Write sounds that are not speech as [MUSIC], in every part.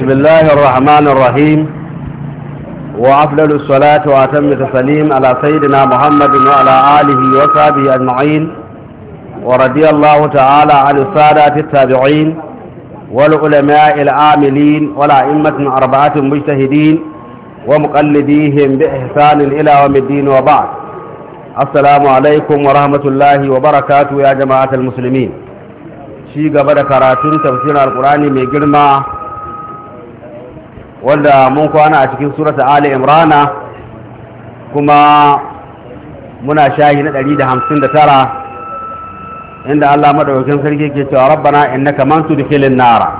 بسم الله الرحمن الرحيم وأفضل الصلاة وأتم التسليم على سيدنا محمد وعلى آله وصحبه أجمعين ورضي الله تعالى عن السادة التابعين والعلماء العاملين والأئمة أربعة مجتهدين ومقلديهم بإحسان إلى يوم الدين وبعد السلام عليكم ورحمة الله وبركاته يا جماعة المسلمين شيء قبل كراتين تفسير القرآن من جرمه wanda mun kwana a cikin surata ali imrana kuma muna shahi na 159 inda Allah madaukakin sarki ke cewa rabbana innaka man tudkhilin nara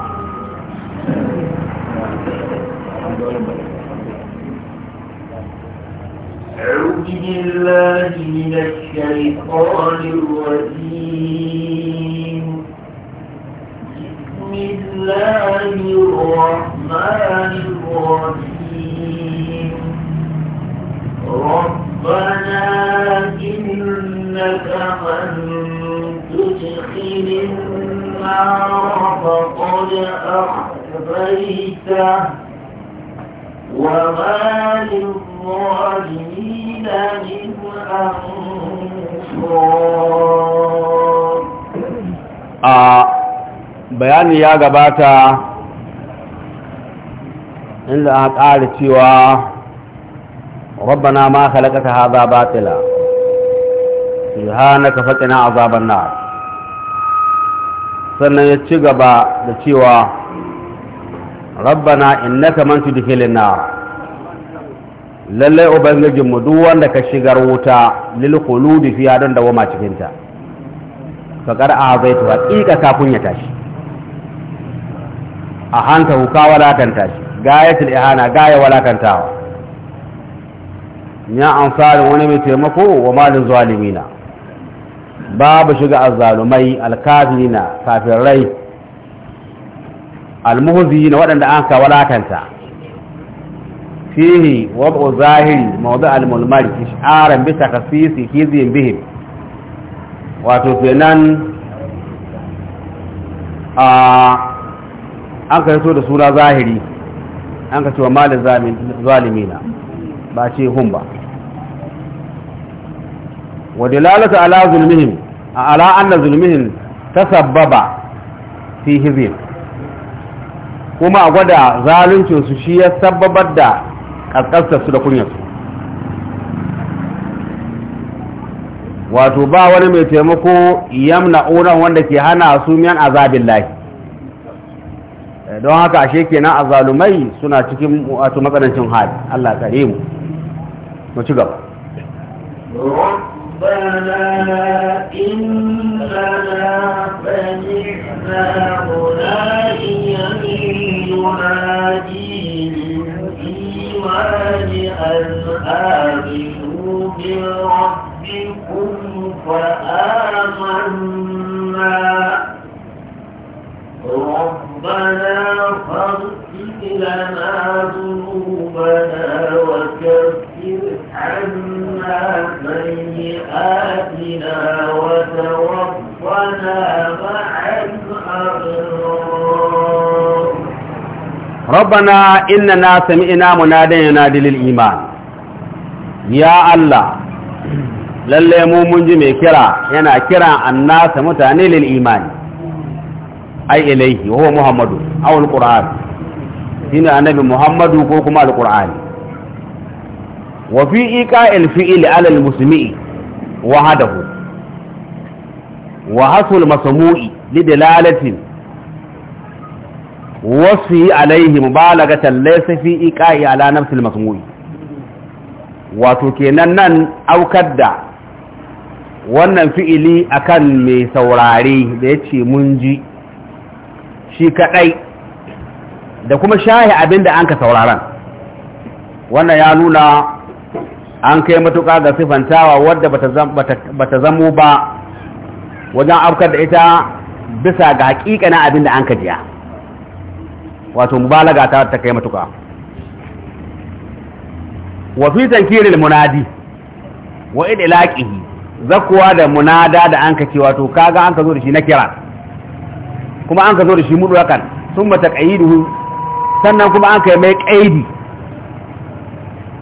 أعوذ بالله من الشيطان الرجيم بسم الله الرحمن الرحيم ربنا إنك من تدخل النار فقد أخفيته وما للظالمين من أنصار bayani ya gabata inda aka ƙara cewa rabbana ma khalaqaka hadha batila subhanaka a azaban na sannan ya ci gaba da cewa rabbana innaka man tudkhilin lallai lalle ubangijin mu duk wanda ka shigar wuta lil da fiya don dawama cikin ta ka zai azaitu haqiqa kafin ya tashi a hanta huka walakanta shi gayatul ihana gaya walakantawa ya amfarin wani mai taimako wa malin zalimina babu shiga azzalumai alkafirina kafirai almuhzina waɗanda an ka walakanta fihi wab'u zahiri mawdu almulmari isharan bi takhsisi hizin bihim wato kenan a an ka so da suna zahiri an ka wa malin zalimina ba ce hun ba wa dalalata ala zulmihim a ala anna zulmihim ta sababa fi hizin kuma a gwada su shi ya sababar da su da kunyarsu wato ba wani mai taimako yamna'unan wanda ke hana su miyan azabin lahi don haka ashe kenan zalumai suna cikin wato matsanancin hali Allah kare mu mu ci gaba ربنا إننا سمعنا مناديا rabbana innana sami'na munadan yunadi lil iman ya Allah lalle mu mun ji mai kira yana kira annasa mutane lil imani ai ilaihi huwa muhammadu aw alquran shine annabi muhammadu ko kuma alqurani wa fi iqa'il fi'li 'ala almuslimi wahdahu wa hasul masmu'i lidalalatin wasu alaihi mubalagatan laysa fi iqa'i ala nafsil masmu'i wato kenan nan aukar da wannan fi'ili akan mai saurari da yace mun ji shi kadai da kuma shahi abinda ka sauraron wannan ya nuna an kai matuƙa ga sifantawa wadda bata zamo ba wajen aukar da ita bisa ga hakika na abin da an ka jiya wato mubalaga ta ta kai matuka wa fi tankiril munadi wa idlaqihi zakwa da munada da anka ce wato kaga anka zo da shi na kira kuma anka zo da shi mudu hakan summa taqayiduhu sannan kuma anka mai qaidi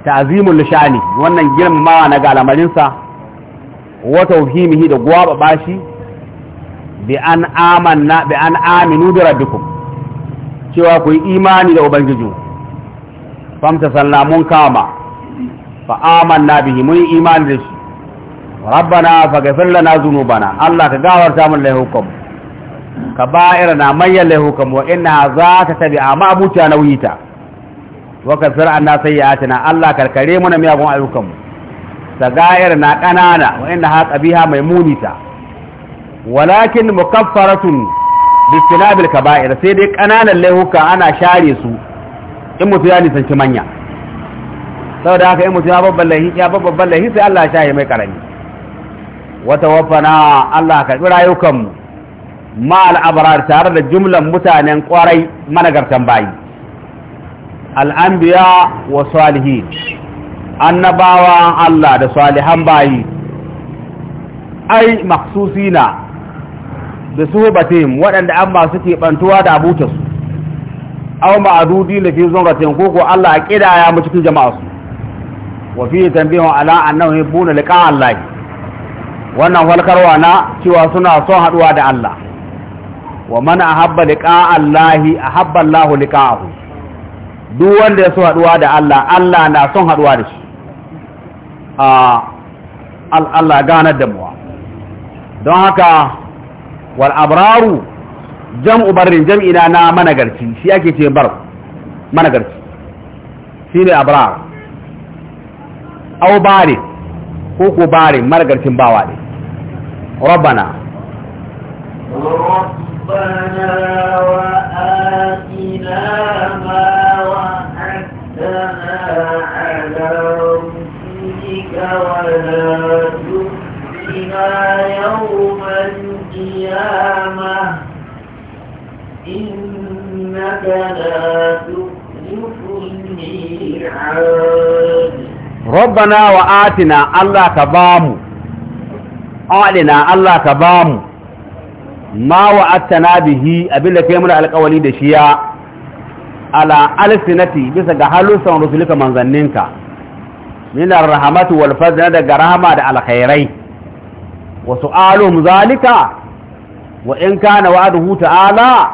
ta'zimul lishani wannan girmamawa na ga al'amarin sa wa tawhimihi da gwaba bashi bi an amanna bi an aminu bi rabbikum cewa ku yi imani da Ubangiji famta sallah mun kama fa amanna bihi mun yi imani da shi rabbana faghfir lana dhunubana allah ka gawarta mun laihukum kaba'irna mayyan laihukum wa inna za ta tabi'a ma abuta nawita wa kafir anna sayyi'atina allah karkare mu miyagun ayyukan mu sagair na kanana wa inna ha qabiha maimunita walakin mukaffaratun bistinabil kaba'ir sai dai kananan laihuka ana share su in mutu ya nisanci manya saboda haka in mutu ya babban laihi ya babban laihi sai Allah ya shaye mai karami wata wafana Allah ka karbi rayukanmu ma al'abrar tare da jumlan mutanen kwarai managartan bayi al'ambiya wa salihin annabawa Allah da salihan bayi ai maksusina da suhubatihim waɗanda an masu keɓantuwa da abutarsu aw ma'adudi la fi zumratin ko ko Allah ya kidaya mu cikin jama'a su wa fi tanbihu ala annahu yubuna liqa'a Allah wannan walkarwa na cewa suna son haduwa da Allah wa man ahabba liqa'a Allah ahabba Allah liqa'ahu duk wanda ya so haduwa da Allah Allah na son haduwa da shi a ah, Allah ganar da mu don haka wal abraru jam'u barrin jam'i na na managarci shi ake ce bar managarci shi ne abrar au bari ko ko bare managarcin bawa ne rabbana rabbana wa atina ma wa ahdana ala rusulika wa la القيامة إنك لا تخلف الميعاد ربنا وآتنا الله كبام أعلنا الله كبام ما وعدتنا به أبلا كيمنا القولي دشيا على ألسنتي بس جهلوسا ورسلك منزنينك من الرحمة والفضل دغ رحمة على خيرين وسؤالهم ذلك wa in kana wa'aduhu ta'ala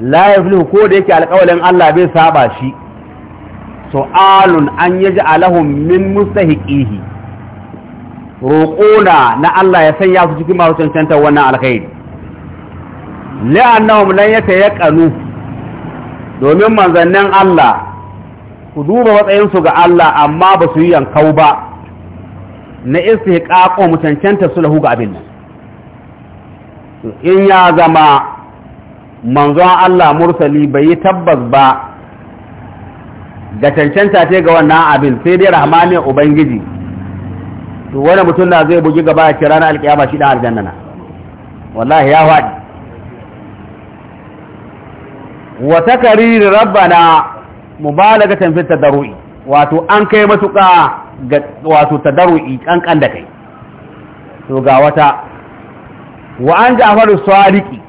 la yaflihu ko da yake alƙawarin Allah bai saba shi su'alun an yaji alahum min mustahiqihi roƙona na Allah ya sanya su cikin masu cancanta wannan alkhairi la'annahum lan yatayaqanu domin manzannin Allah ku duba matsayin su ga Allah amma ba su yi yankau ba na istihqaqu mutancanta su ga abin nan in ya zama manzon Allah mursali bai yi tabbas ba ga cancanta ce ga wannan abin sai dai rahmanin ubangiji to wani mutum na zai bugi gaba ya ce ranar alkiyama shi dan aljanna na wallahi ya faɗi wa takariri rabbana mubalagatan fi tadarrui wato an kai matuƙa ga wato tadarrui kankan da kai to ga wata wa an ja'far as-sadiqi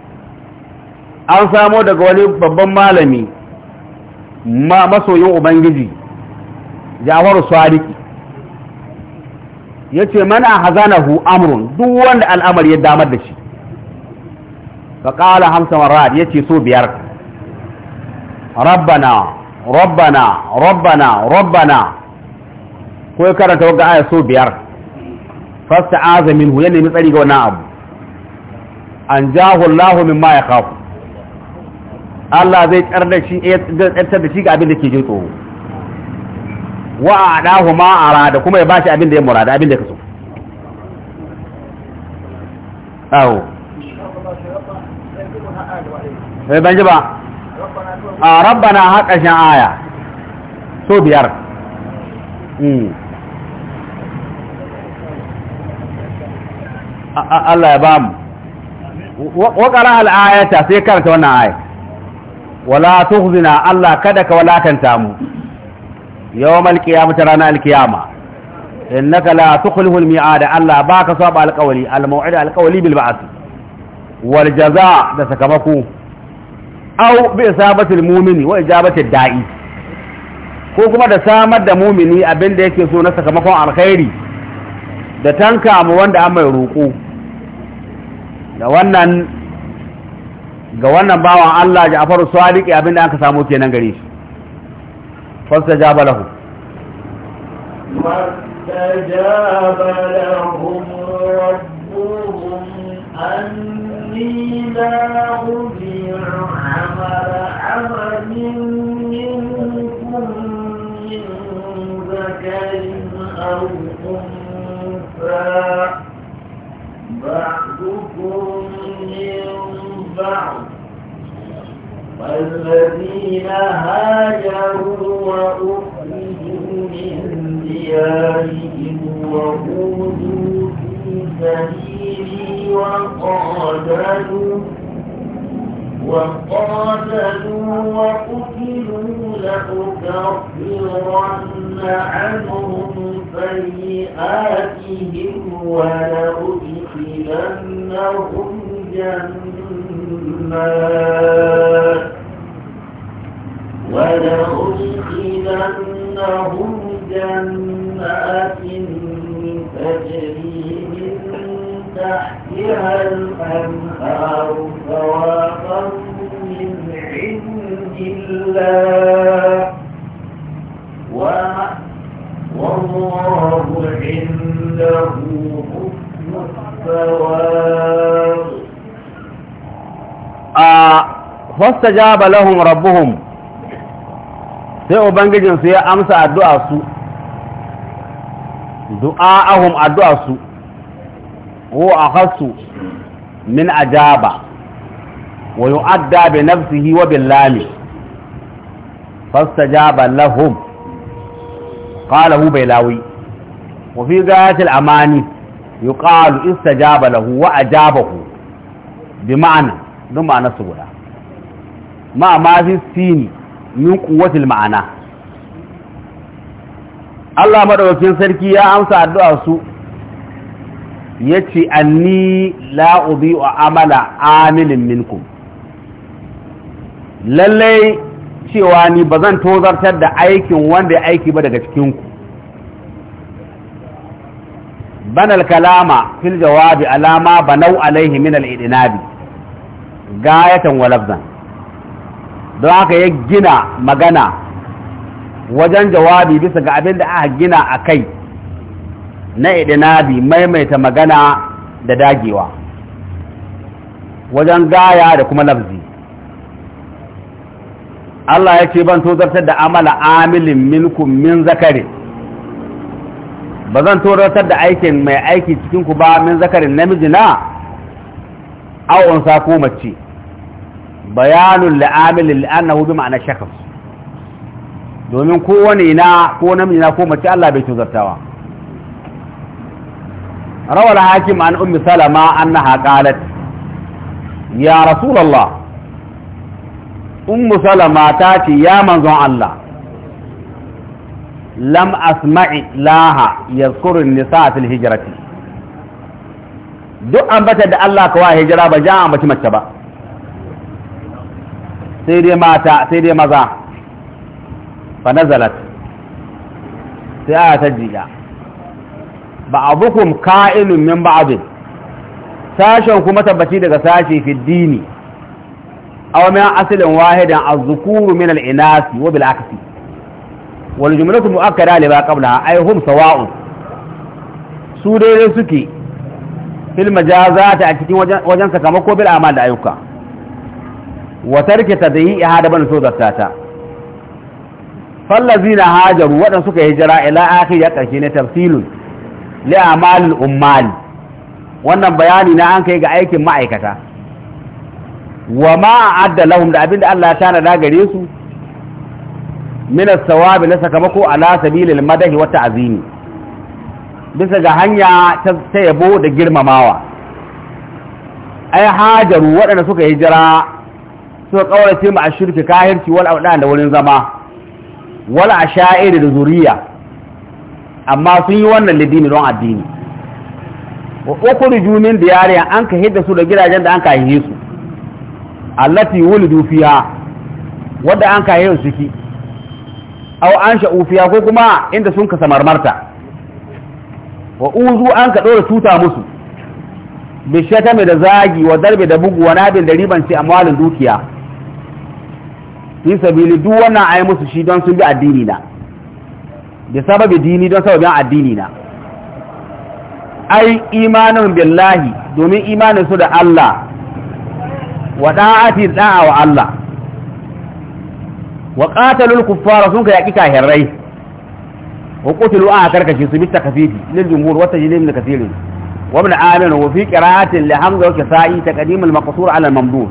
an samo daga wani babban malami ma masoyin ubangiji jafaru as-sadiqi yace mana hu amrun duk wanda al'amari ya damar da shi fa qala hamsa ya yace so biyar rabbana rabbana rabbana rabbana ko karanta wagga aya so biyar Fasta fasta'aza hu yana tsari ga wannan abu an jahu Allah min ma yakhafu Allah zai karda da shi tsar da shi ga abin da ke jin tsoro wa adahu ma arada kuma ya bashi abin da ya murada abin da ya kaso awo sai eh, ban ji ba a rabbana haka shan aya so biyar hmm. Allah ya ba mu waƙara al'ayata sai karanta wannan aya wala tuhzina Allah kada ka walakanta mu yawmal qiyamati rana al-qiyama innaka la tukhlifu al-mi'ad Allah baka saba al-qawli al-maw'id al-qawli bil ba'th wal jazaa da sakamako Au bi isabati al-mu'mini wa ijabati ad-da'i ko kuma da samar da mu'mini abinda yake so na sakamakon alkhairi da tanka mu wanda an mai roƙo da wannan ga wannan bawan Allah afaru abin abinda aka samu kenan gare shi fasta lahu fastajaba lahum rabbuhum بعضكم من بعض والذين هاجروا وأخرجوا من ديارهم وأوذوا في سبيلي وقاتلوا وقاتلوا وقتلوا لأكفرن عنهم سيئاتهم ولأدخلنهم جنات ولأدخلنهم جنات تجري تحتها الأنهار ثوابا من عند الله والله عنده حسن الثواب آه، فاستجاب لهم ربهم sai ubangijinsu ya amsa addu'a su du'a'ahum addu'a su هو أخص من أجاب ويؤدى بنفسه وباللام فاستجاب لهم قاله بيلاوي وفي غاية الأماني يقال استجاب له وأجابه بمعنى دون معنى سبلا ما ما في السين من قوة المعنى Allah madaukakin sarki ya amsa addu'a su ya ce anni la'ubi wa amala amilin minkum lallai cewa ni ba zan tozartar da aikin wanda ya aiki ba daga cikinku banal kalama fil jawabi alama banau alaihi min idinabi, gayatan walafzan don haka ya gina magana wajen jawabi bisa ga abin da aka gina a kai na idinabi maimaita magana da dagewa wajen gaya da kuma lafzi Allah ya ce ban tozartar da amala amilin minkum min zakari ba zan tozartar da aikin mai aiki cikinku ba min zakarin namiji na awon ko mace bayanun la'amilin annahu bi ma'ana shakas domin kowane na ko namiji na ko mace Allah bai tozartawa روى الحاكم عن أم سلمة أنها قالت يا رسول الله أم سلمة تاتي يا من الله لم أسمع لها يذكر النساء في الهجرة duk ambata da Allah kawai hijira ba ja ambaci mace ba sai dai mata sai dai maza fa nazalat sai aya ta jiya ba'abukum ka'ilun min abin. sashen kuma tabbaci daga sashe fi dini aw min aslin wahidan az-zukuru min al-inasi wa bil aksi wal jumlatu mu'akkada li ba a ay hum sawa'un su dai suke fil majazati a cikin wajen sakamako bil amal da ayyuka wa da yi hada ban so zakkata fallazina hajaru waɗansu suka hijira ila akhir ya karshe ne tafsilun amalul ummali wannan bayani na an kai ga aikin ma'aikata wa ma adda lahum da abinda Allah ya tanada gare su min as-sawabi na sakamako ala sabilil madahi wa ta'zimi bisa ga hanya ta yabo da girmamawa ai hajaru waɗanda suka hijira suka kawarce mu shirki kahirci wal audan da wurin zama wal asha'ir da zuriya amma sun yi wannan lidini don addini wa ukhriju min diyarihim an ka hidda su da gidajen da an ka haihe su allati wulidu fiha wadda an ka haihe su ki aw an sha'u fiha ko kuma inda sun ka samarmarta wa uzu an ka dora tuta musu bi mai da zagi wa darbe da bugu wa nabil da riban ci amwalin dukiya fi sabili duk wannan musu shi don sun bi addini na da sababi dini don sababin addini na ai imanin billahi domin imanin su da Allah wa da'ati da'a wa Allah wa qatalul kuffara sun ka yaki kafirai wa qutilu a karkashi su bi takfifi lil jumhur wa tajlim li kathirin wa ibn amir wa fi qira'atin li hamza wa kisai taqdim al maqsur ala al mamdud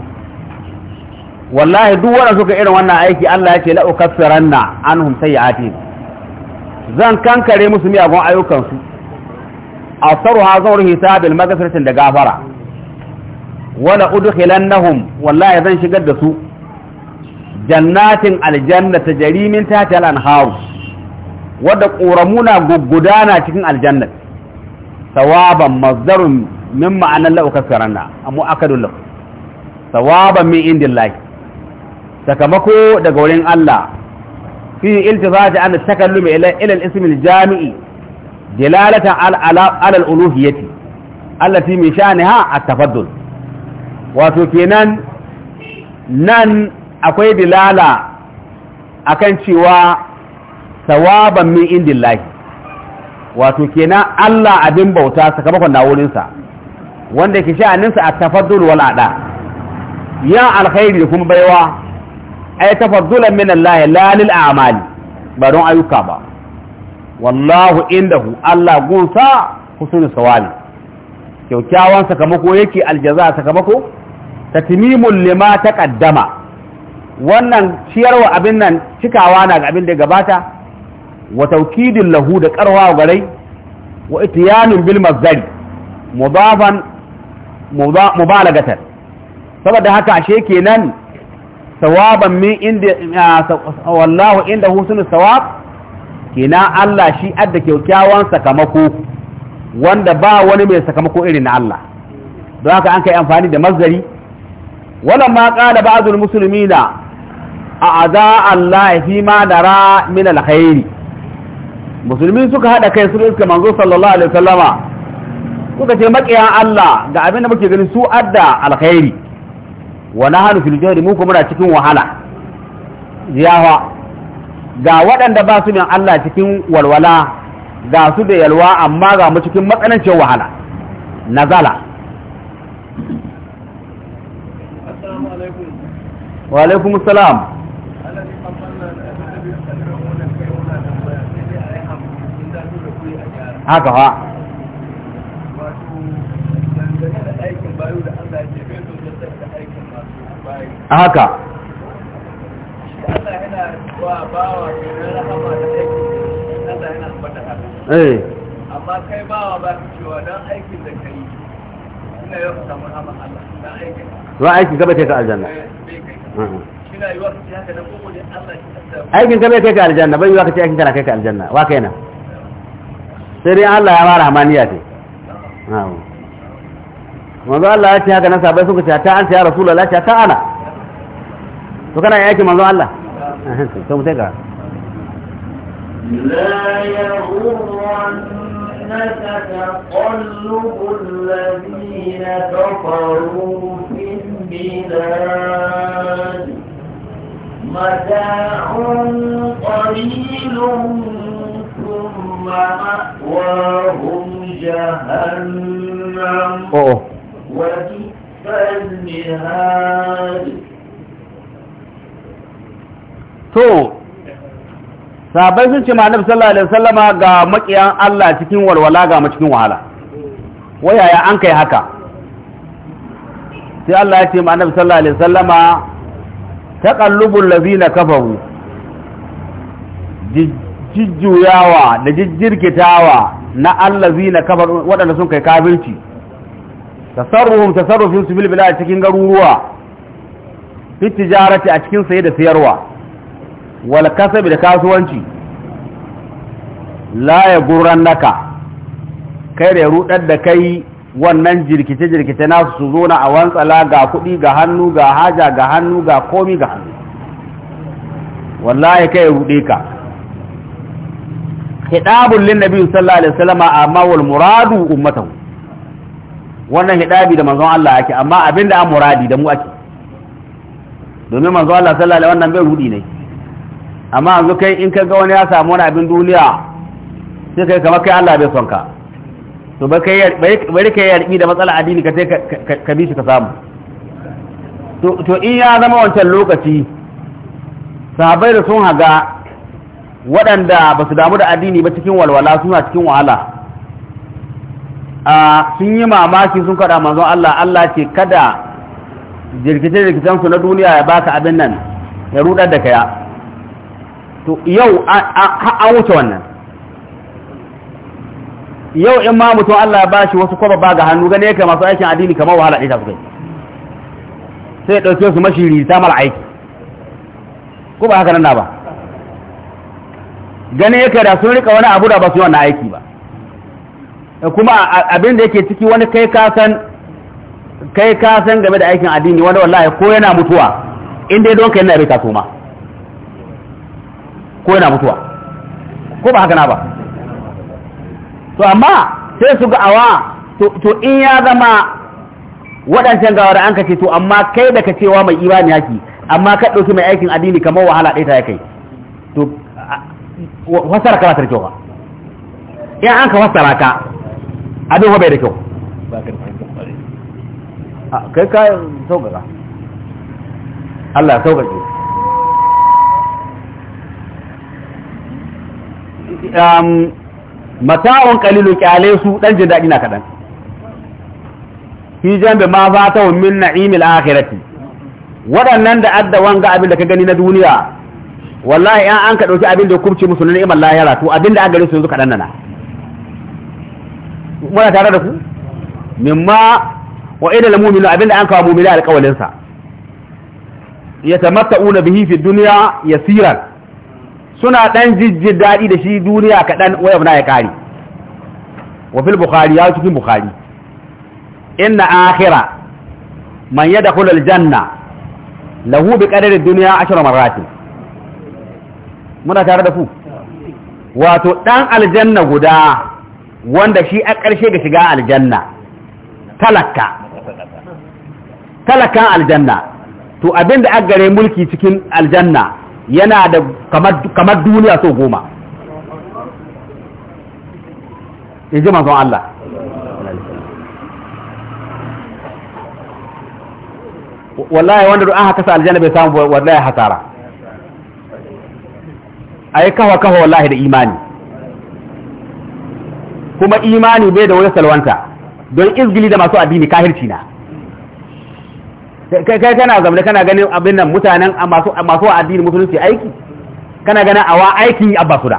wallahi duk wanda suka irin wannan aiki Allah ya ce la ukaffiranna anhum sayi'atihim zan kankare musu miyagun ayyukansu a zan zaur hisabil magasirtin da gafara wala nahum wallahi zan shigar da su jannatin aljanna ta jarimin tatal anharu wadda ƙoramuna gudana cikin aljanna sawaban mazdarun min ma'anar na, amma aka dullu. sawaban min indin lafi sakamako daga wurin Allah في التفات عن التكلم إلى إلى الاسم الجامعي دلالة على على الألوهية التي من شأنها التفضل وفي نن أقوي دلالة akan cewa tsawaban min indin wato kenan Allah abin bauta sakamakon na wanda ke sha'aninsa a tafaddul wal'ada yan alkhairi kuma baiwa ay tafaddulan min Allah la lil a'mali ba don ayyuka ba wallahu indahu Allah gunsa husnul sawali kyaukyawan sakamako yake aljaza sakamako tatmimul lima taqaddama wannan ciyarwa abin nan cikawa na ga abin da gabata wa taukidin lahu da karwa garai wa itiyanun bil mazdari mudafan mubalagatan saboda haka ashe kenan sawaban min inda wallahu inda husnu sawab kina Allah shi adda kyakkyawan sakamako wanda ba wani mai sakamako irin na Allah don haka an kai amfani da mazari wala ma qala ba'dul muslimina na aza Allah fi ma dara min alkhairi musulmi suka hada kai su iska manzo sallallahu alaihi wasallama suka ce makiyan Allah ga abin da muke gani su adda alkhairi wa na fil jawri mu kuma muna cikin wahala ziyawa ga waɗanda ba su min Allah cikin walwala ga su da yalwa amma ga mu cikin matsanancin wahala nazala wa alaikum salam haka ha a haka amma eh. kai bawa ba su cewa don aikin da ka yi suna yau samun hama Allah don aikin ba aikin gaba kai ka aljanna suna yi wa ka ce haka da kowane Allah aikin gaba kai ka aljanna bai yi wa ka ce aikin kana kai ka aljanna wa kai na sai dai Allah ya mara hamaniya ce wanzu Allah ya ce haka nan sabai suka ce ta an ce ya rasu lalata ta ana to kana yake manzo Allah [LAUGHS] to mu ga لا يغرنك تقلب الذين كفروا في البلاد متاع قليل ثم مأواهم جهنم وبئس المهاد So, sabai sun ce ma'anar sallallahu alaihi wasallama ga makiyan Allah cikin walwala ga ma cikin wahala wayaya an kai haka sai Allah ya ce ma'anar sallallahu alaihi wasallama taqallubul ladina kafaru jijjuyawa da jijjirkitawa na allazina kafaru waɗanda sun kai kafirci tasarruhum tasarrufin su bil bilad cikin garuruwa fi tijarati a cikin saye da sayarwa wal kasabi da kasuwanci la ya gurran naka kai da ya rudar da kai wannan jirkice-jirkice nasu su zo na a wantsala ga kuɗi ga hannu ga haja ga hannu ga komi ga hannu wallahi kai ya rude ka hidabun lin nabi sallallahu alaihi wasallam amma wal muradu ummatahu wannan hidabi da manzon Allah yake amma abinda an muradi da mu ake domin manzon Allah sallallahu alaihi wasallam bai rudi ne amma yanzu kai in ka ga wani ya samu wani abin duniya sai kai kamar kai Allah bai son ka to ba kai bari kai yarbi da matsala addini ka sai ka bi shi ka samu to to in ya zama wancan lokaci sahabbai da sun haga waɗanda ba su damu da addini ba cikin walwala suna cikin wahala sun yi mamaki sun kada manzon Allah Allah ce kada jirkice-jirkicensu na duniya ya baka abin nan ya rudar da kaya to yau an wuce wannan yau in ma mutum Allah ya bashi wasu kwaba ba ga hannu gane ka masu aikin addini kamar wahala ɗaya su kai sai ɗauke su mashiri ta mara aiki ko ba haka nan na ba gane yake da sun rika wani abu da ba su yi wannan aiki ba kuma abin da yake ciki wani kai kasan kai kasan game da aikin addini wani wallahi ko yana mutuwa in dai don kai na bai taso ma ko yana mutuwa ko ba haka na ba to amma sai su ga awa to in ya zama waɗancan gawa da an ka ce to amma kai da ka cewa mai imani yaki amma ka ɗauki mai aikin addini kamar wahala ɗaya ta ya kai to fassara ka ba ta da kyau ba in an ka fassara ka abin wa bai da kyau kai ka sauƙaƙa Allah sauƙaƙe Um, mata'un kalilu kyale su dan jin dadi na kaɗan fi jambe ma za ta min na'imil akhirati waɗannan da adda wanga abin da ka gani na duniya wallahi an an ka dauki abin da kurce musu na Iman lahira to abin da an gare su yanzu kaɗan nana muna tare da ku mimma wa ila al mu'minu abin da an kawo mu'mina alƙawalin sa yatamatta'una bihi fi dunya yasiran suna ɗan jijji daɗi da shi duniya kaɗan wayar na ya ƙari wa fil bukhari ya cikin bukhari inna akhira man yadkhulu aljanna lahu bi qadari dunya ashra marratin muna tare da ku wato dan aljanna guda wanda shi a ƙarshe ga shiga aljanna talaka talakan aljanna to abinda aggare mulki cikin aljanna yana da kamar duniya so goma in ji manzon Allah wallahi wanda an haka sa aljanna bai samu wallahi hasara a yi kawa kawa wallahi da imani kuma imani bai da wani salwanta don izgili da masu addini kahirci na kai kai kana zaune kana ganin abin nan mutanen masu masu addini musulunci aiki kana ganin awa aiki a su da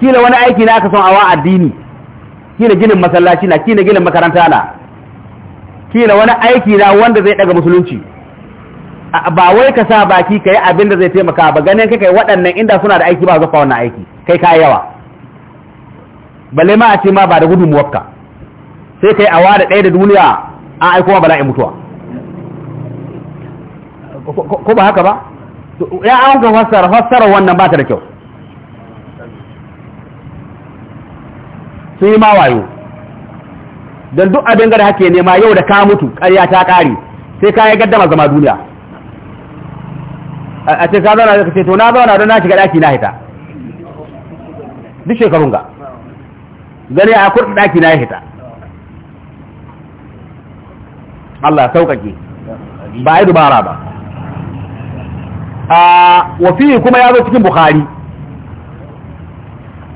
kila wani aiki na aka son awa addini kila ginin masallaci na kila ginin makaranta na kila wani aiki na wanda zai daga musulunci ba wai ka sa baki kai abin da zai taimaka ba ganin kai waɗannan inda suna da aiki ba zafa wannan aiki kai ka yawa balle ma a ce ma ba da gudunmuwarka sai kai awa da ɗaya da duniya an aiko ma bala'in mutuwa ko ba haka ba ya an ka fassara fassara wannan ba ta da kyau sun yi ma wayo don duk abin gada hake nema yau da ka mutu ƙarya ta ƙari sai ka yi gaddama zama duniya a ce ka zauna da ce to na zauna don na shiga ɗaki na hita duk shekarun ga gani a kurɗa ɗaki na hita Allah sauƙaƙe ba a yi dubara ba a wafi kuma ya zo cikin bukhari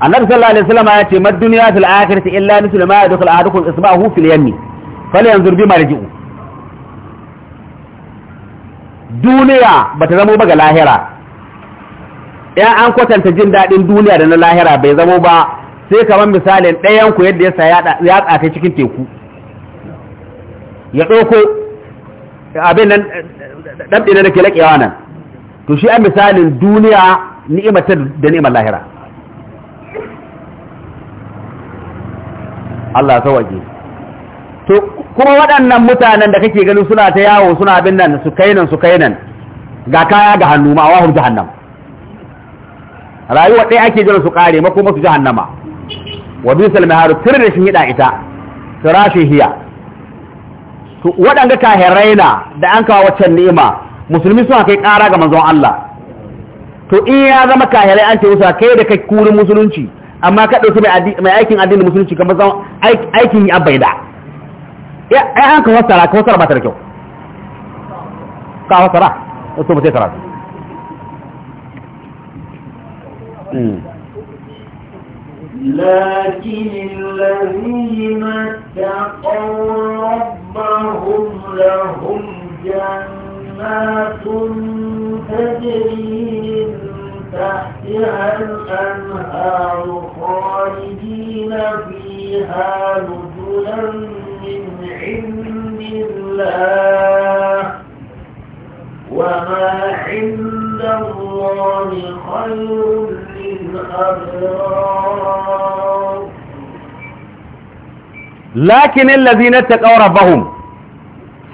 annabi sallallahu alaihi wasallam ya ce mad dunya fil akhirati illa mithlu ma yadkhul ahadukum isba'ahu fil yammi falyanzur bima yarji'u duniya ba ta zamo ba ga lahira yan an kwatanta jin daɗin duniya da na lahira bai zamo ba sai kamar misalin ɗayan ku yadda ya sa ya cikin teku ya ɗauko abin nan ɗanɗe da nake laƙewa nan to shi a misalin duniya ni'imatar da ni'imar lahira Allah sawaje to kuma waɗannan mutanen da kake ganin suna ta yawo suna abin nan su kai nan su kai nan ga kaya ga hannu ma wahum jahannam rayuwa ɗaya ake jiran su kare makoma su jahannama wa bisal maharu tirin da shi hida ita firashin hiya to waɗanda kahirai da an kawo waccan ni'ima musulmi suna kai ƙara ga manzon Allah to in ya zama kahirai an ce musa kai da kai kurin musulunci amma ka ɗauki mai aikin addinin musulunci kamar zan aikin yi abai da ya an ka fassara ka fassara ba ta da kyau ka fassara ba mutai karatu لكن الذين اتقوا ربهم ثم لهم جنات تجري من تحتها الأنهار خالدين فيها نزلا من عند الله وما عند الله خير للأبرار lakinin lazinar ta ƙaura bahun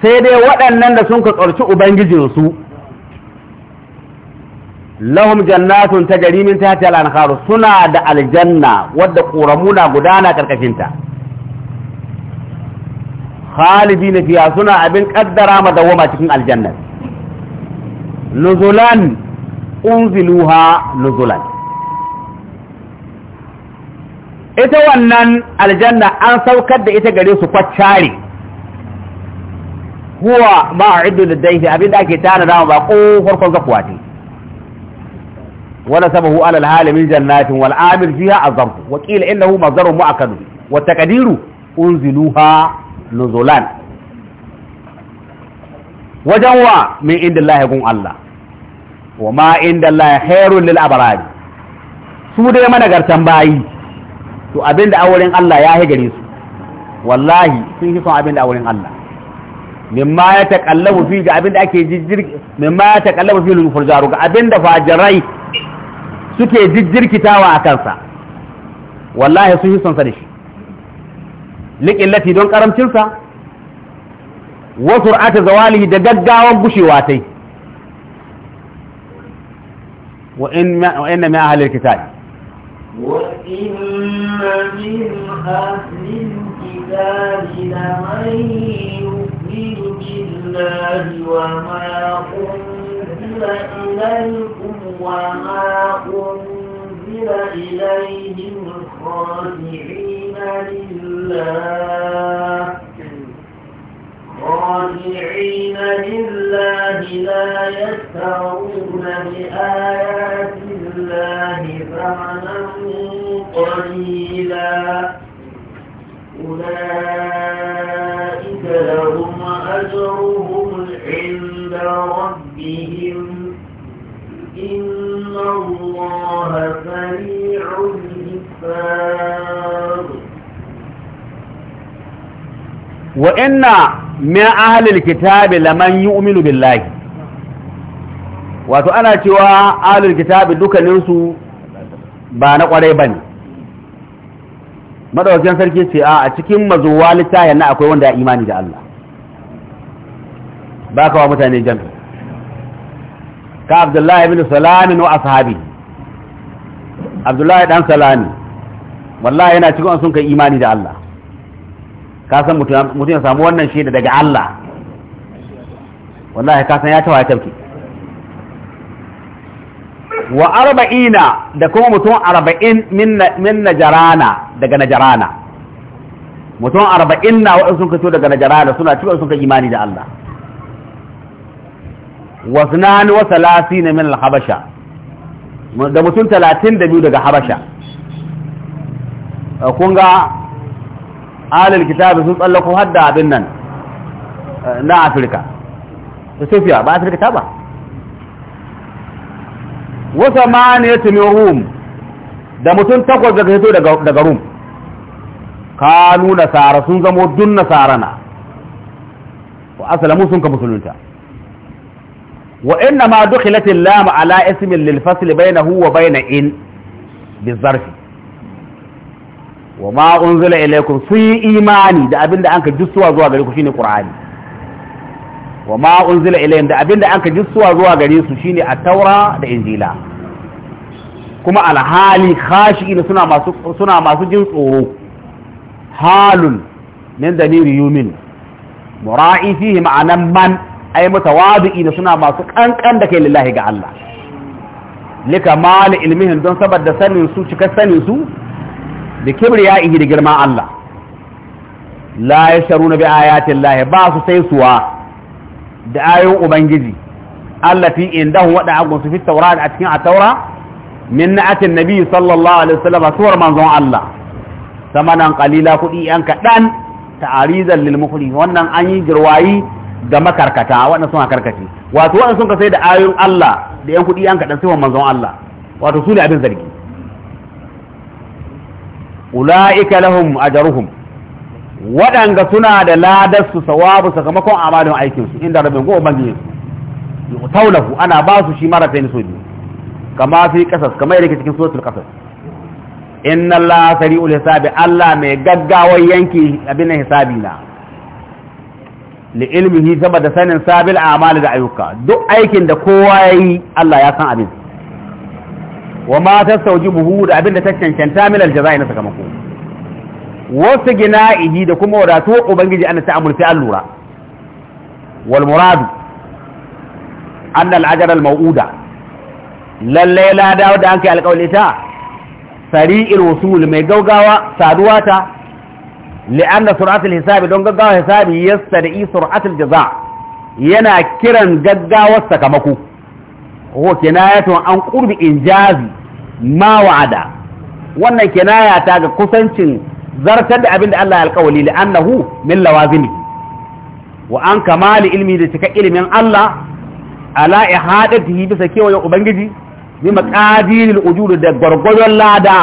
sai dai waɗannan da sun ka ƙarci ubangijinsu lahum jannatun ta jarimin ta ta lanharu suna da aljanna wadda ƙoramuna gudana ƙarƙashinta khalidi na fiya suna abin ƙaddara madawama cikin aljannar nuzulan unziluha nuzulan ita wannan aljanna an saukar da ita gare su kwaccare huwa ba a iddu da daifi abinda ake tana dama ba ko farkon zakuwa ce wala sabahu ala alhalimin jannatin wal amir fiha azam wa qila innahu mazarun mu'akkad wa taqdiru ha nuzulan wajen wa min inda Allah gun Allah wa ma inda Allah khairul lil abrar su dai managartan bayi to abin da auren Allah ya gare su wallahi sun fi son abin da auren Allah mimma ya taqallabu fi ga abin da ake jijjir mimma ya taqallabu fi al-furjaru ga abin da fajirai suke jijjirkitawa a kansa wallahi sun fi son sa da shi liqillati don karamcin sa wa sur'ati zawalihi da gaggawan gushewa tai wa in ma ahli al-kitab وإن من أهل الكتاب لمن يؤمن بالله وما أنزل إليكم وما أنزل إليهم خاشعين لله خاشعين لله لا يسترون بآيات الله ثمنا قليلا أولئك لهم أجرهم عند ربهم إن الله سريع الحساب wa inna min ahlil kitabi laman yu'minu wato ana cewa ahlul kitabi dukkaninsu ba na kwarai ba ne madawacin sarki ce a cikin mazuwa littaya na akwai wanda ya imani da Allah ba kawo mutane jam'i ka abdullahi ibn salamin wa ashabi abdullahi dan salami wallahi yana cikin sun kai imani da Allah ka san mutum ya samu wannan shaida daga Allah wallahi ka san ya tawaye tafki wa arba'ina da kuma mutum arba'in min najarana daga najarana mutum arba'in na waɗansu sun fito daga najarana suna ci sun kai imani da Allah Wa nani wa salasi na min habasha da mutum talatin da biyu daga habasha kun ga alil kitabi sun tsallako hadda abin nan na afirka ethiopia ba afirka ta ba wasa mani ya tumi rum da mutum takwas daga hito daga rum kanu nasara sun zamo dun nasara na wa asalamu sun ka musulunta wa inna ma dukhilatil lam ala ismin lil fasl bainahu wa bain in bizarfi wa ma unzila ilaykum fi yi imani da abin da an ka jissuwa zuwa gare ku shine qur'ani wa ma unzila ilayhim da abin da an ka jissuwa zuwa gare su shine at-taura da injila kuma alhali khashiin suna masu suna masu jin tsoro halun min damiri yumin mura'i fihi ma'anan man ay mutawadi'ina suna masu kankan da kai lillahi ga Allah lika mal ilmihin don saboda sanin su cika sanin su da kibriya ihi da girman Allah la yasharuna bi ayatin Allah ba su sai suwa da ayoyin ubangiji Allah allati indahu wada agun su fi tawrat a cikin at-taura min na'atin nabi sallallahu alaihi wasallam suwar manzon Allah samanan qalila kudi an kadan ta'arizan lil mukhli wannan an yi girwayi ga makarkata wannan suna karkace wato wannan sun ka sai da ayoyin Allah da yan kudi an kadan sai manzon Allah wato su ne abin zargi ula'ika lahum ajruhum waɗanga suna da su sawabu sakamakon amalin aikinsu inda rabin ko ubangijinsu yutaulahu ana ba su shi mara tayin so biyu kama fi kasas kama yake cikin suratul kasas inna allaha sari'ul hisabi allah mai gaggawar yanki abin hisabi na li ilmihi saboda sanin sabil amali da ayyuka duk aikin da kowa yayi allah ya san abin wa ma buhu da abin da ta cancanta min aljaza'i na sakamako wasu gina'ihi da kuma wadatu ubangiji an ta fi allura wal murad an al ajra al lalle la dawo da an kai alƙawli ta sari'il wusul mai gaugawa saduwa ta li'anna sur'atul hisabi don gaggawa hisabi yastadi sur'atul jaza yana kiran gaggawar sakamako huwa kinayatun an qurbi injazi ma wa'ada wannan kinaya ta ga kusancin zartar da abin da Allah ya alƙawali li annahu min lawazimi wa an kamali ilmi da cika ilimin Allah ala ihadatihi bisa kewayen ubangiji bi maqadiril ujud da gwargwadon lada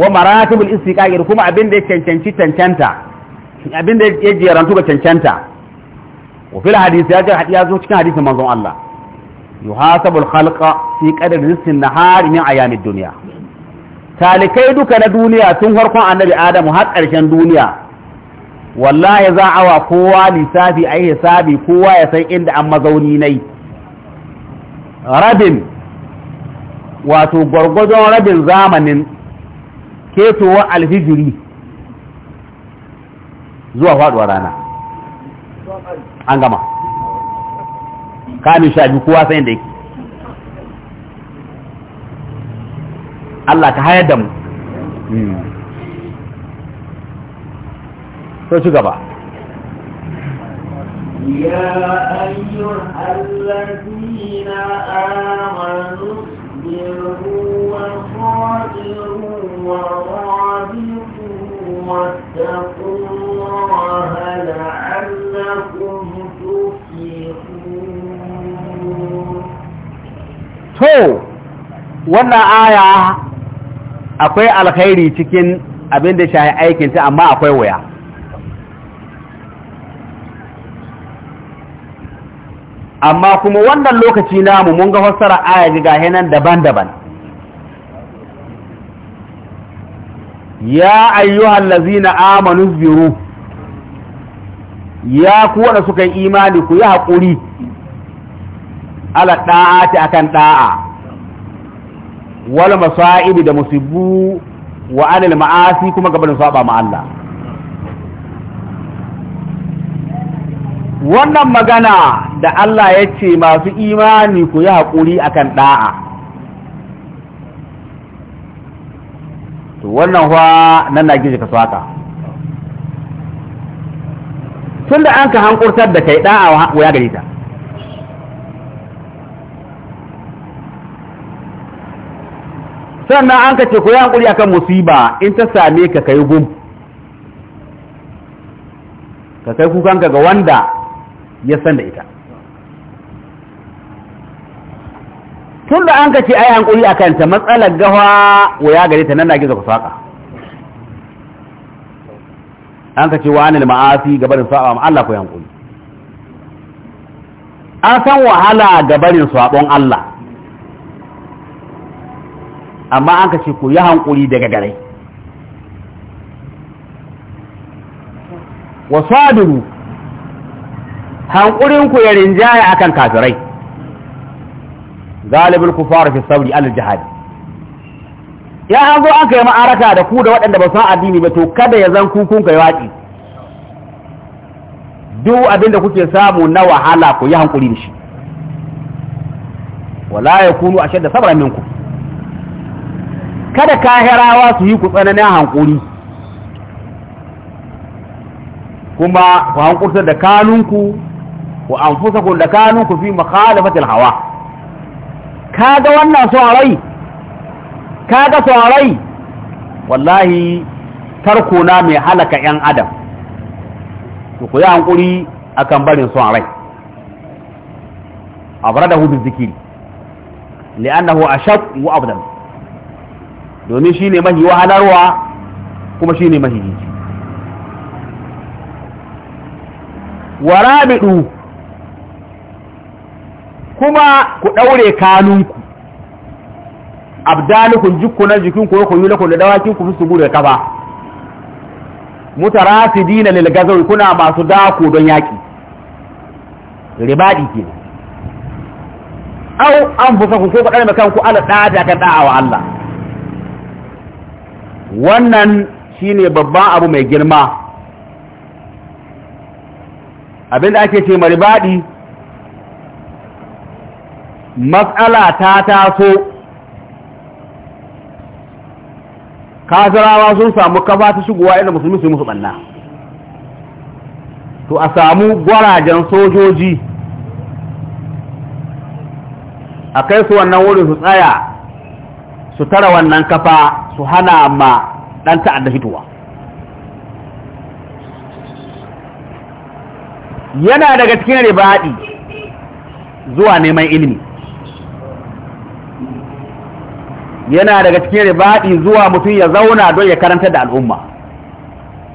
wa maratibul istiqaqi kuma abin da ya cancanci cancanta abin da ya jerantu ga cancanta wa fil hadisi ya ga ya zo cikin hadisin manzon Allah yuhasabul al-khalqa fi qadri rizqin nahar min ayamid dunya talikai duka na duniya tun farkon annabi adamu har ƙarshen duniya wallahi za a wa kowa lissafi ai hisabi kowa ya san inda an mazauni nai rabin wato gwargwadon rabin zamanin ketowar alhijiri zuwa faɗuwa rana an gama kamin sha biyu kowa sayin da yake Allah ka hayar da mu so ci gaba ya ayyun allazina amanu biyu wa fadiru wa wadiku wa taku wa hala annakum tufihu to wannan aya akwai alkhairi cikin abin da shahi aikinta amma akwai waya amma kuma wannan lokaci namu mun ga fassara aya ga nan daban-daban ya ayyuhal lazina amanu ziru, ya ku wanda suka yi imani ku yi haƙuri ala da'ati akan ɗa'a wal masa'ib da musibu wa anil ma'asi kuma gaban saba ma Allah wannan magana da Allah ya ce masu imani ku yi haƙuri akan ɗa'a to wannan huwa nan na gizo ka saka tun an ka hankurtar da kai ɗa'a wa ya gari ta sannan an ka ce ku yi hankuri akan musiba in ta same ka kai gum ka kai kukanka ga wanda ya san da ita tun da an ka ce ai hankuri akan ta matsalar gawa ya gare ta nan na gizo ku saka an ka ce wa anil ma'asi barin sa'a ma Allah ku yi hankuri an san wahala ga barin sabon Allah amma an ka ce ku yi hankuri daga gare wa sadiru hankurin ku ya rinjaya akan kafirai galibul kufar fi sabri al jihad ya an zo aka yi ma'araka da ku da waɗanda ba san addini ba to kada ya zan kukun ka yaƙi duk abinda kuke samu na wahala ku yi hankuri da shi wala yakunu ashadda sabran minku. kada kahirawa su yi ku tsananin hankuri kuma ku hankurtar da kanunku ku da kanunku fi mukhalafatil hawa kaga wannan sorai kaga sorai wallahi tarko na mai halaka yan adam to ku yi hankuri akan barin sorai abradahu bizikiri li'annahu ashaq wa abdal domin shi ne mahi wahalarwa kuma shi ne mahi jiji warabidu kuma ku ɗaure kanunku abdanukun jikunan jikinku ku yi lakon da dawakinku su gudu da kafa mutarasidina lil gazawi kuna masu dako don yaki ribadi ke. au an fusa ku ko kadan makan ku ala da ta da'a wa Allah wannan shi ne babban abu mai girma abinda ake ce maribadi matsala ta taso kasarawa sun samu kafa ta shigowa inda musulmi su musu banna to a samu gwarajen sojoji a kai su wannan wurin su tsaya su tara wannan kafa su hana ma ɗan ta'adda fitowa yana daga cikin ribaɗi zuwa neman ilimi yana daga cikin ribaɗi zuwa mutum ya zauna don ya karanta da al'umma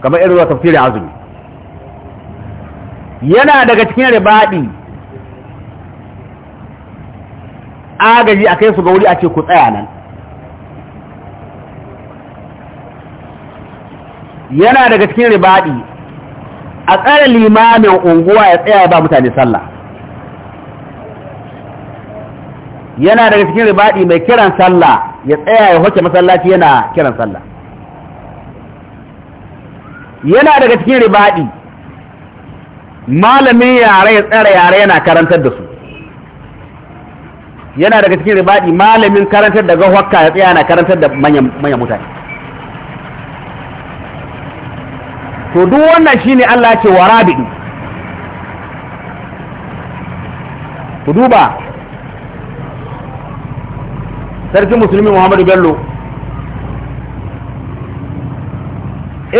kamar irin zuwa tafsirin azumi yana daga cikin ribaɗi agaji a kai su ga wuri a ce ku tsaya nan yana daga cikin ribaɗi a tsara limamin unguwa ya tsaya ba mutane sallah yana daga cikin ribaɗi mai kiran sallah ya tsaya ya hoce masallaci yana kiran sallah yana daga cikin ribaɗi malamin yare ya tsara yare yana karantar da su yana daga cikin ribaɗi malamin karantar da gahwakka ya tsaya yana karantar da manyan mutane to duk wannan shine Allah ce wa rabidu ku duba sarkin musulmi Muhammadu Bello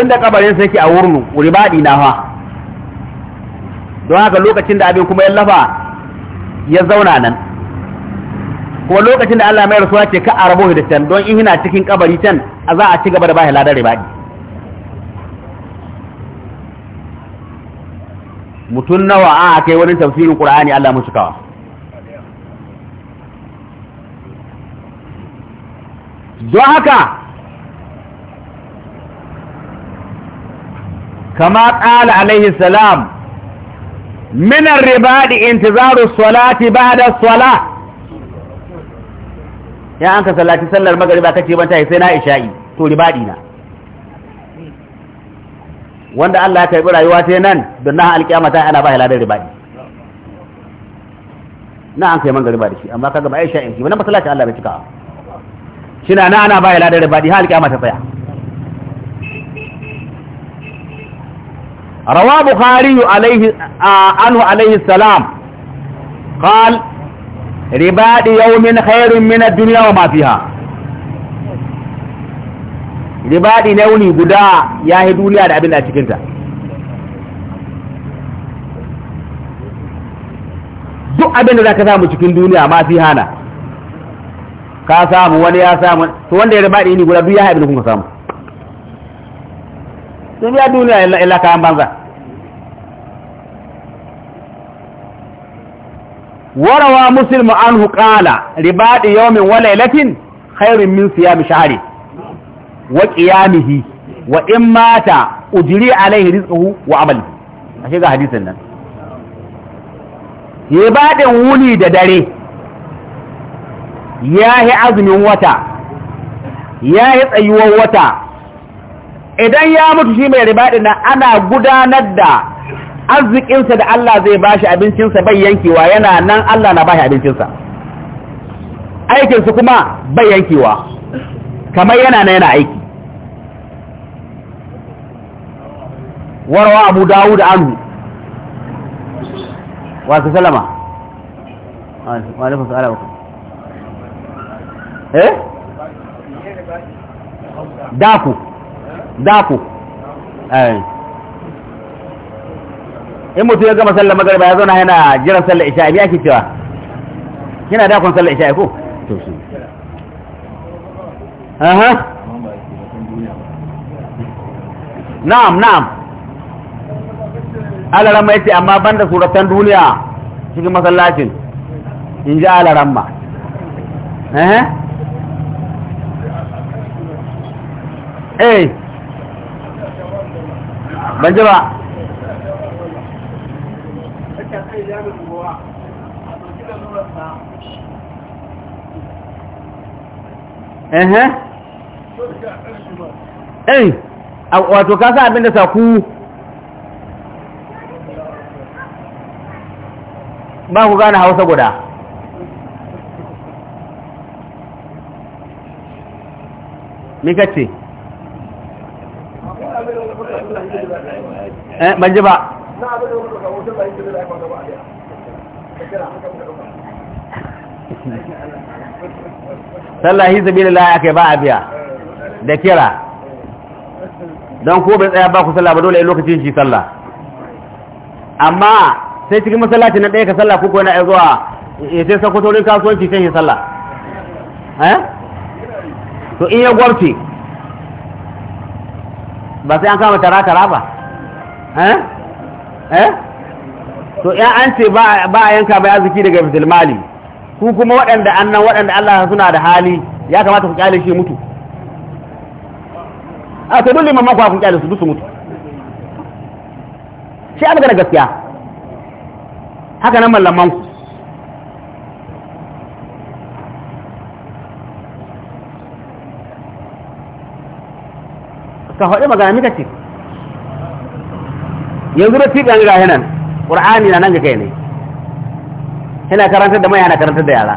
inda kabarin sa yake a wurnu ribadi na fa don haka lokacin da abin kuma ya lafa ya zauna nan kuma lokacin da Allah mai rasuwa ce ka a rabo da can don in hina cikin kabari can a za a ci gaba da ba ya ladar ribadi mutum nawa a kai wani tafsirin qur'ani Allah mu cikawa don haka kama ƙala alaihi salam minar ribadi intizaru salati ba'da sala ya an ka sallaci sallar magariba kace ban tayi sai na isha'i to ribadi na wanda Allah ya karbi rayuwa ta nan don na alkiyama ta ana ba shi ladan riba na an kai man riba da shi amma kaga ba aisha in shi wannan masallaci Allah bai cika shi na na ana ba shi ladan riba har alkiyama ta tsaya روى بخاري عليه آه عنه عليه السلام قال رباط يوم خير من الدنيا وما فيها ribadi na wuni guda ya yi duniya da abin da cikinta duk abin da za ka samu cikin duniya ma fi hana ka samu wani ya samu to wanda ya ribadi ne guda duk ya haɗu da kuma samu sun ya duniya illa kayan banza warawa muslimu anhu hukala ribadi yawmin wa lailatin khairun min siyami shahri wa qiyamihi wa in mata ujri alaihi rizquhu wa amali ashe ga hadisin nan ya wuni da dare ya yi azumin wata ya yi tsayuwar wata idan ya mutu shi mai ribaɗin nan ana gudanar da arzikinsa da Allah zai bashi abincinsa bai yankewa yana nan Allah na bashi abincinsa aikinsu kuma bai yankewa kamar yana na yana aiki warawa abu dawud anhu wasu salama walaikun sa'ala wakil eh daku daku eh in mutu ya gama sallar magarba ya zauna yana jiran sallar isha'i ya ke cewa yana dakon sallar isha'i ko to aha na'am na'am alaramma yace amma banda suratan duniya cikin masallacin in ji alaramma eh eh ban ji ba eh eh wato ka sa abin da saku ba ku gane hausa guda mika ce eh ban ji ba sallahi zabilillah ake ba a biya da kira don ko bai tsaya ba ku sallah ba dole lokacin shi sallah amma sai cikin masallaci na ɗaya ka sallah ko na zuwa ya sai sako saurin kasuwanci sai ya sallah eh to in ya gwarce ba sai an kama tara tara ba eh eh to ya an ce ba a yanka bai arziki daga musulmani ku kuma waɗanda annan waɗanda Allah suna da hali ya kamata ku kyale shi mutu a sai dole mamman kwakun kyale su su mutu shi an magana gaskiya haka nan mallaman ku ka haɗe magana mika ce yanzu da tiɓe ga nan ƙur'ani na nan ga kai ne yana karantar da mai yana karantar da yara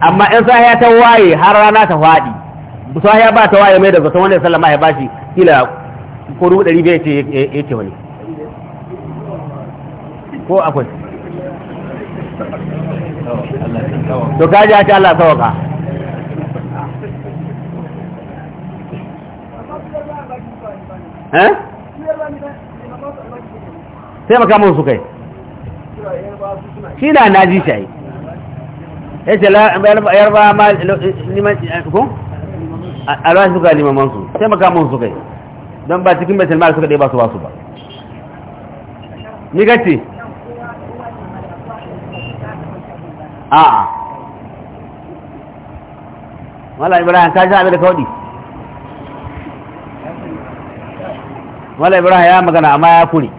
amma in sa ya ta waye har rana ta faɗi sa ya ba ta waye mai da zaton wanda ya sallama ya bashi kila ko dubu ɗari biyar ce ya ce wani ko akwai to ka ji ce Allah sauka sai eh? maka mun su kai shi na na ji shi ya ce yarba ma liman eh, ko a rashi suka limaman su sai mun suka yi don ba cikin baitul mal suka dai ba su ba su ba ni a a'a wala ibrahim ka ji abin da ka wadi wala ibrahim ya magana amma ya kuri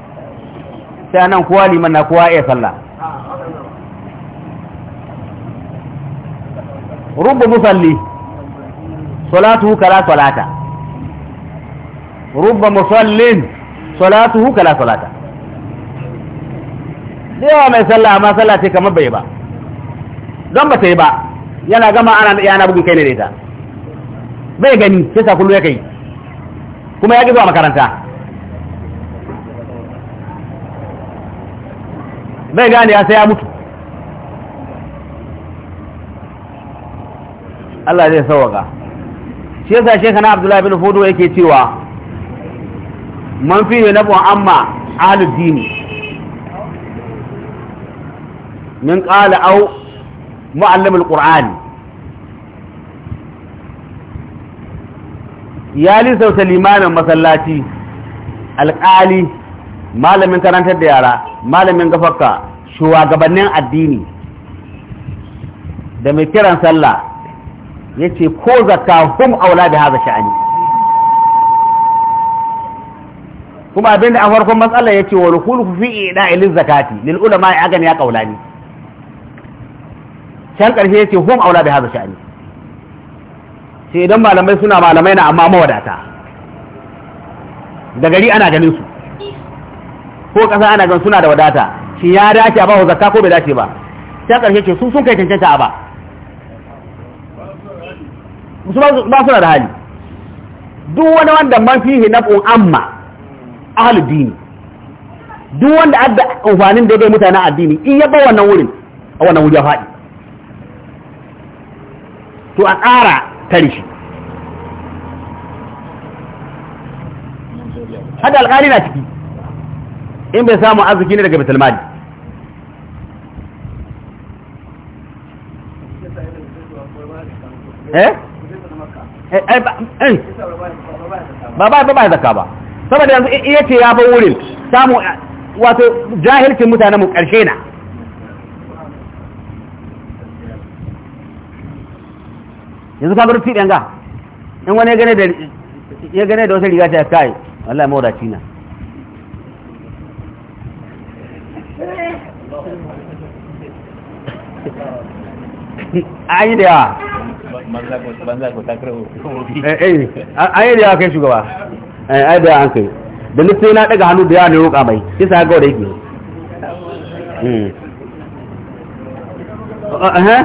sai nan kowa liman na kowa ya sallah rubu musalli salatuhu kala salata rubba musallin salatuhu kala salata da yawa mai sallah ma sallah ce kamar bai ba don ba ta yi ba yana gama ana yana bugun kai ne da ita bai gani sai sa kullu ya kai kuma ya ki makaranta bai gane ya sai ya mutu Allah zai sauwaka shi yasa kana abdullahi bin hudu yake cewa man ne na amma ahlud dini من قال muallim alquran ya li sauta الإمام masallaci alƙali malamin karantar da yara malamin gafarka shugabannin addini da mai kiran sallah yace ko zakka hum aula bi haza sha'ani kuma abinda a farkon matsalar yace wa rukulu fi ida ilil zakati lil ulama ya gani ya kaulani can karshe yace hum aula bi haza sha'ani sai idan malamai suna malamai na amma mawadata da gari ana ganin su ko kasa ana ganin suna da wadata shi ya dace ba zakka ko bai dace ba can karshe ce su sun kai cancanta a ba su ba suna da hali duk wani wanda man fihi naf'un amma ahlud dini duk wanda adda amfanin da bai mutane addini in yaba wannan wurin a wannan wuri ya faɗi to a ƙara tare shi hada alƙali na ciki in bai samu arziki ne daga bitalmadi eh Eh, eh, eh. ba ba ba zaka ba saboda yanzu iya ce ya bar wurin samu wato jahilcin mutanen mu karshe na yanzu ka bar tiɗin ga in wani gane da ya gane da wasu riga ta kai wallahi mawadaci na ayi [LAUGHS] da yawa ai eh, eh, da ya kai shugaba eh, ai da an kai da ni na daga hannu da ya ne roƙa mai shi sa ga wadai ke hmm. uh, uh,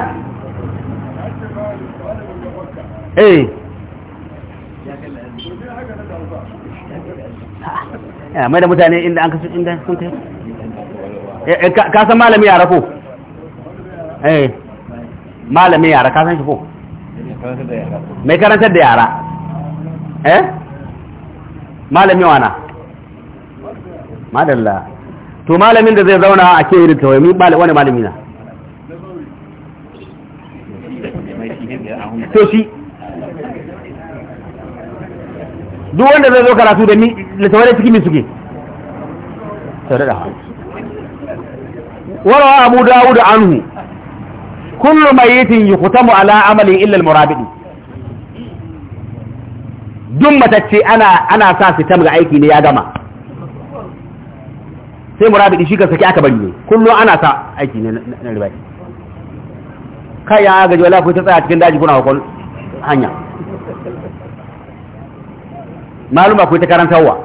eh mai da mutane inda an kasu inda sun kai ka san malami yara ko eh malami yara ka san shi ko mai karantar da yara eh malami wana madalla to malamin da zai zauna a ke irin tawai wani malami na to shi duk wanda zai zo karatu da ni littawai da cikin suke sau da da hannu warawa abu da'udu anhu kullu mayitin yukhtamu ala amalin illa al-murabidi duk matacce ana ana sa su ga aiki ne ya gama sai murabidi shi ka saki aka bari ne kullu ana sa aiki ne na riba kai ya gaji wala ko ta tsaya cikin daji kuna hukun hanya maluma ko ta wa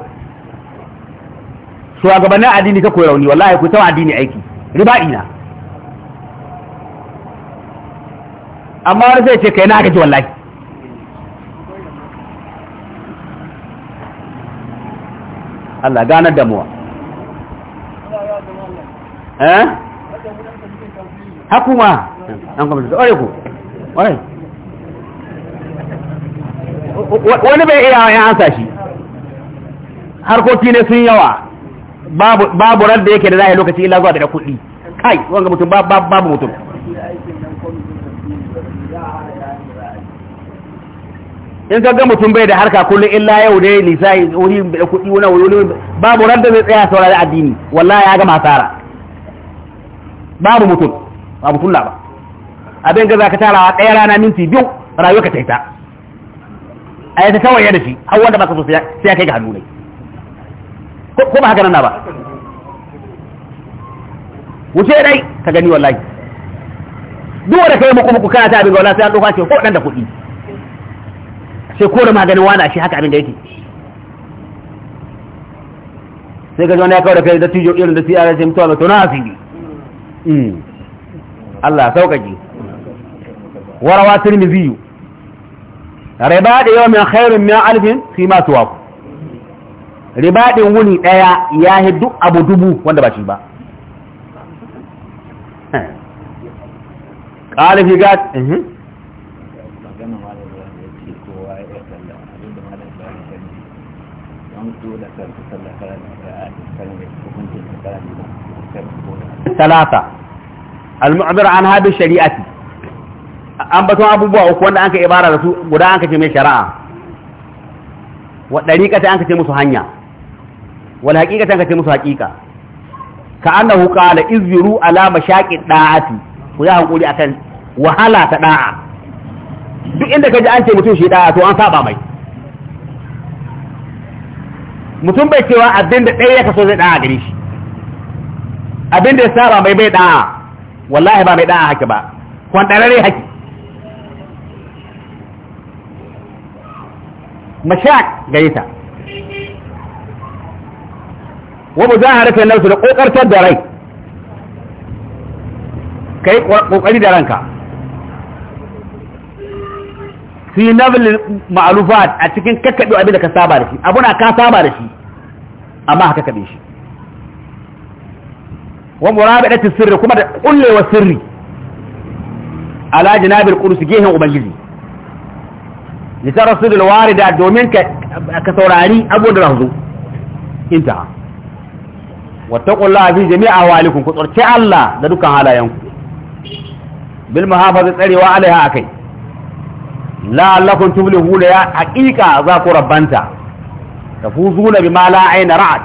shugabannin addini ka koyi rauni wallahi ko ta addini aiki riba ina amma wani zai ce kai na gaji wallahi Allah gane da muwa eh hakuma an kuma da ore ku ore wani bai iya ya ansa shi harkoki ne sun yawa babu babu ran da yake da zai lokaci illa zuwa da kuɗi kai wanga mutum babu mutum in ka ga mutum bai da harka kullum illa yau dai lisai wuri da kuɗi wani wani babu radda zai tsaya saurari addini wallahi ya gama masara babu mutum babu kulla ba abin ga zaka tarawa ɗaya rana minti biyu rayuwa ka taita a yata kawai da shi har wanda baka so sai ya kai ga hannu ne ko ba haka nan ba wuce dai ka gani wallahi duk wanda kai muku muku kana ta abin ga wallahi sai an ɗauka ce ko ɗan da kuɗi sai kore maganin wani shi haka abin da yake sai ga wani ya kawo da kai da tijo irin da siyara sai mutuwa na tona asiri mm. Allah sauƙaƙi warawa tirmiziyu riba da yau min khairun min alfin fi ma ku riba din wuni daya ya yi duk abu dubu wanda ba shi ba ƙalifin gat mhm. magana malam ibrahim ya ce kowa ya sallah abinda malam ibrahim ya sani don su da sarki sallah karan da a karan da hukuncin da karan da sarki ko da talata al-mu'bir an hadu shari'ati an baton abubuwa uku wanda an ka ibara da su guda an ka ce mai shari'a wa dariqata an ka ce musu hanya wal haqiqata an ka ce musu haqiqa ka annahu qala izru ala mashaqi da'ati ku ya hankuri akan wahala ta da'a duk inda ka ji an ce mutum shi ɗaya to an saba mai mutum bai cewa abin da ɗaya ya kaso zai ɗaya gare shi abin da ya saba mai bai ɗaya wallahi ba mai ɗaya haki ba kwantarare haki mashaƙ gare ta wa mu zahara kan nafsu da ƙoƙartar da rai kai ƙoƙari da ranka fi nabil ma'lufat a cikin kakkabe abin da ka saba da shi abuna ka saba da shi amma haka kabe shi wa murabadati sirri kuma da kullewa sirri ala janabil qurs gehen ubangiji li tarasul warida domin ka ka saurari abun da inta wa wattaqullaha fi jami'a ahwalikum ku tsorci Allah da dukkan halayenku bil muhafaza tsarewa alaiha akai la'allakum tuflihuna ya haqiqa za ku rabbanta tafuzuna bima la aina ra'at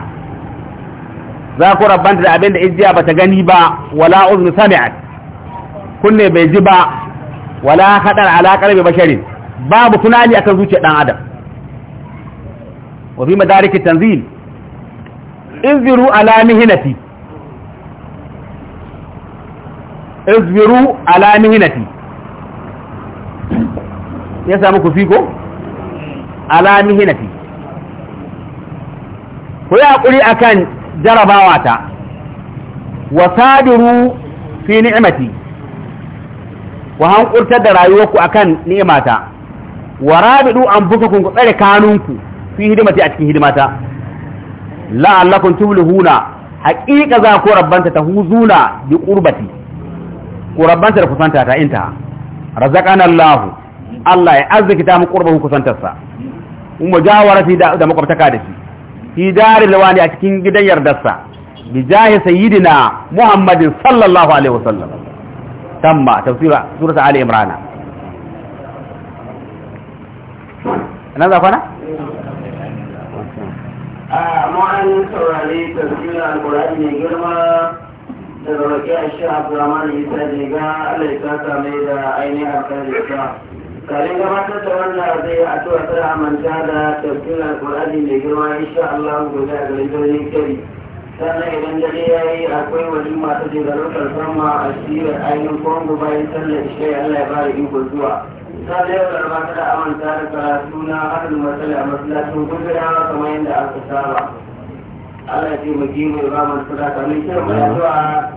za ku rabbanta da abin da ijiya bata gani ba wala uznu sami'at kunne bai ji ba wala hadar ala qalbi basharin babu tunani akan zuciyar dan adam wa fi madarik tanzil izbiru ala mihnati izbiru ala mihnati ya samu ku fiko ala mihinati ku yi haƙuri akan jarabawa ta wa sadiru fi ni'imati wa hankurtar da rayuwarku akan ni'imata wa rabidu anfusakum ku tsare kanunku fi hidimati a cikin hidimata la'allakum tuflihuna haƙiƙa za ku rabbanta tahuzuna bi ƙurbati, ku rabbanta da kusanta ta inta razakanallahu. Allah ya arzikita mu qurbahu kusantarsa mu jawarati da makwabtaka da shi fi daril wani a cikin gidan yardarsa bi jahi sayyidina Muhammadin sallallahu alaihi wasallam tamma tafsira surata ali imran nan za kwana a mu'an saurari Al-Qur'ani, mai girma daga roƙi a shi abdurrahman isa jiga alaikata mai da ainihin alkarisa kare gabatar da wanda zai a cewa a manta da tafkin alkur'ani mai girma insha Allah gobe a garin jirgin kari sannan idan dare ya yi akwai wani masu jirgin karfama a cikin ainihin kongo bayan sallar ishe Allah ya in iko zuwa misali yau da ta da amanta da karatu na hadin matsala a masallacin gudunawa kamar yadda aka saba Allah ya taimaki mai ba masu da kamar shirin mai zuwa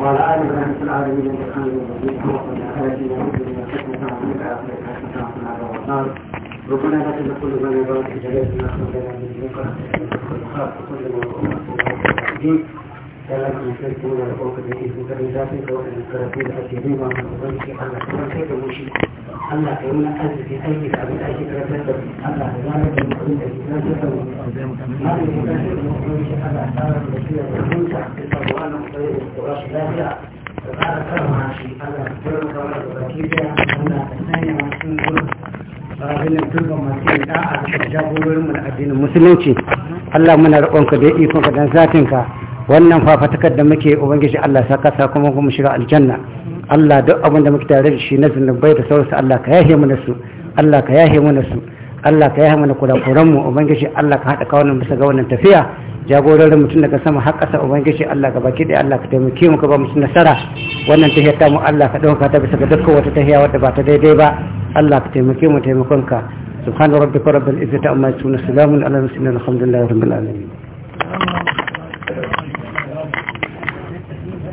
وعلى آل إبراهيم في العالمين إنك حميد مجيد ربنا آتنا في الدنيا حسنة وفي الآخرة حسنة وقنا عذاب النار ربنا لا تزغ قلوبنا بعد إذ هديتنا وهب لنا من لدنك رحمة إنك أنت الوهاب وصلى الله وسلم على dalam mutum da ɗaukar da ke kokarin da karatu da a kai da Allah yi mana aiki da abin da ake karatar da Allah da zara da mutum da ke karatar da mutum Allah da karatar da mutum shi Allah ta rasa da shi da mutum ta ta samu wannan kwaye da shi lafiya da tsara karma shi Allah taimaka mana da baki da Allah ta sanya masu masu yin da'a da jagororin mu na addinin musulunci Allah muna roƙonka da ikonka dan zatinka wannan fafatakar da muke ubangiji Allah sa kasa kuma mu shiga aljanna Allah duk abin da muke tare da shi na zunubai da sauransu Allah ka yahe mana su Allah ka yahe mana su Allah ka yahe mana kurakuran mu ubangiji Allah ka hada kawunan bisa ga wannan tafiya jagororin mutum daga sama har ƙasa ubangiji Allah ga baki ɗaya Allah ka taimake mu ka ba mutum nasara wannan tahiya ta mu Allah ka ɗauka ta bisa ga dukkan wata tahiya wadda ba ta daidai ba Allah ka taimake mu taimakon ka subhana rabbika rabbil izzati amma yasifun salamun ala mursalin alhamdulillahi rabbil alamin